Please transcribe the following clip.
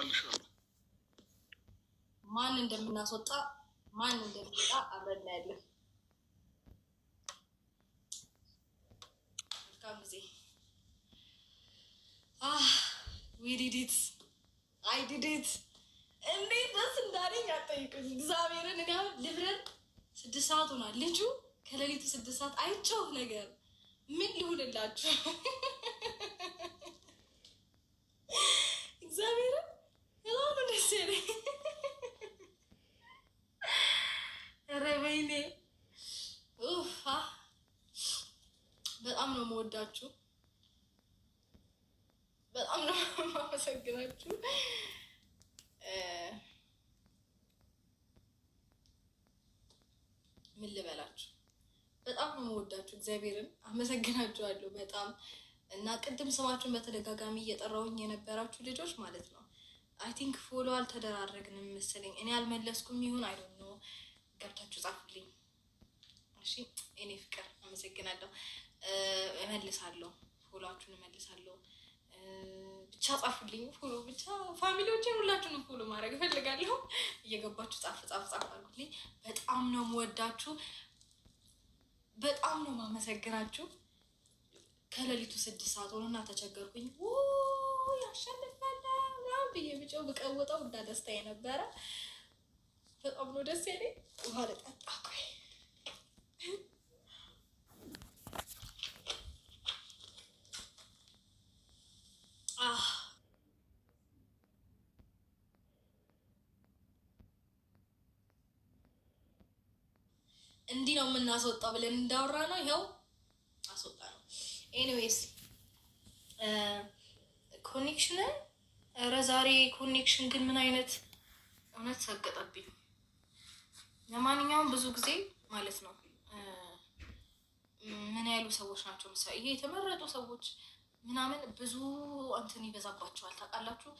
አስወጣልሻለሁ። ማን እንደምናስወጣ ማን እንደሚወጣ አብረን እናያለን። መልካም ጊዜ። ዊዲዲት አይዲዲት እንዴት ደስ እንዳለኝ አጠይቁኝ። እግዚአብሔርን እኔ አሁን ልብረን ስድስት ሰዓት ሆኗል። ልጁ ከሌሊቱ ስድስት ሰዓት አይቼው ነገር ምን ሊሆንላችሁ የምወዳችሁ፣ በጣም ነው የማመሰግናችሁ። ምን ልበላችሁ፣ በጣም ነው የምወዳችሁ። እግዚአብሔርን አመሰግናችኋለሁ በጣም እና ቅድም ስማችሁን በተደጋጋሚ እየጠራውኝ የነበራችሁ ልጆች ማለት ነው። አይ ቲንክ ፎሎ አልተደራረግንም መሰለኝ እኔ አልመለስኩም ይሁን አይዶን ነው። ገብታችሁ ጻፉልኝ። እሺ እኔ ፍቅር አመሰግናለሁ። እመልሳለሁ፣ ፎሎችሁን እመልሳለሁ። ብቻ ጻፉልኝ ፎሎ ብቻ ፋሚሊዎችን ሁላችሁንም ፎሎ ማድረግ እፈልጋለሁ። እየገባችሁ ጻፍ ጻፍ ጻፍ አድርጉልኝ። በጣም ነው የምወዳችሁ፣ በጣም ነው ማመሰግናችሁ። ከሌሊቱ ስድስት ሰዓት እና ተቸገርኩኝ። ያሸንፋለ ብዬ ብጮ ብቀውጠው እና ደስታዬ ነበረ። በጣም ነው ደስ ያለኝ። ውሃ ልጠጣ ቆይ እንዲህ ነው የምናስወጣው ብለን እንዳወራ ነው ይኸው አስወጣ ነው። ኤኒዌይስ ኮኔክሽንን ኧረ ዛሬ ኮኔክሽን ግን ምን አይነት እውነት ሰገጠብኝ። ለማንኛውም ብዙ ጊዜ ማለት ነው ምን ያሉ ሰዎች ናቸው ምሳ ይሄ የተመረጡ ሰዎች ምናምን ብዙ እንትን ይበዛባቸዋል ታውቃላችሁ።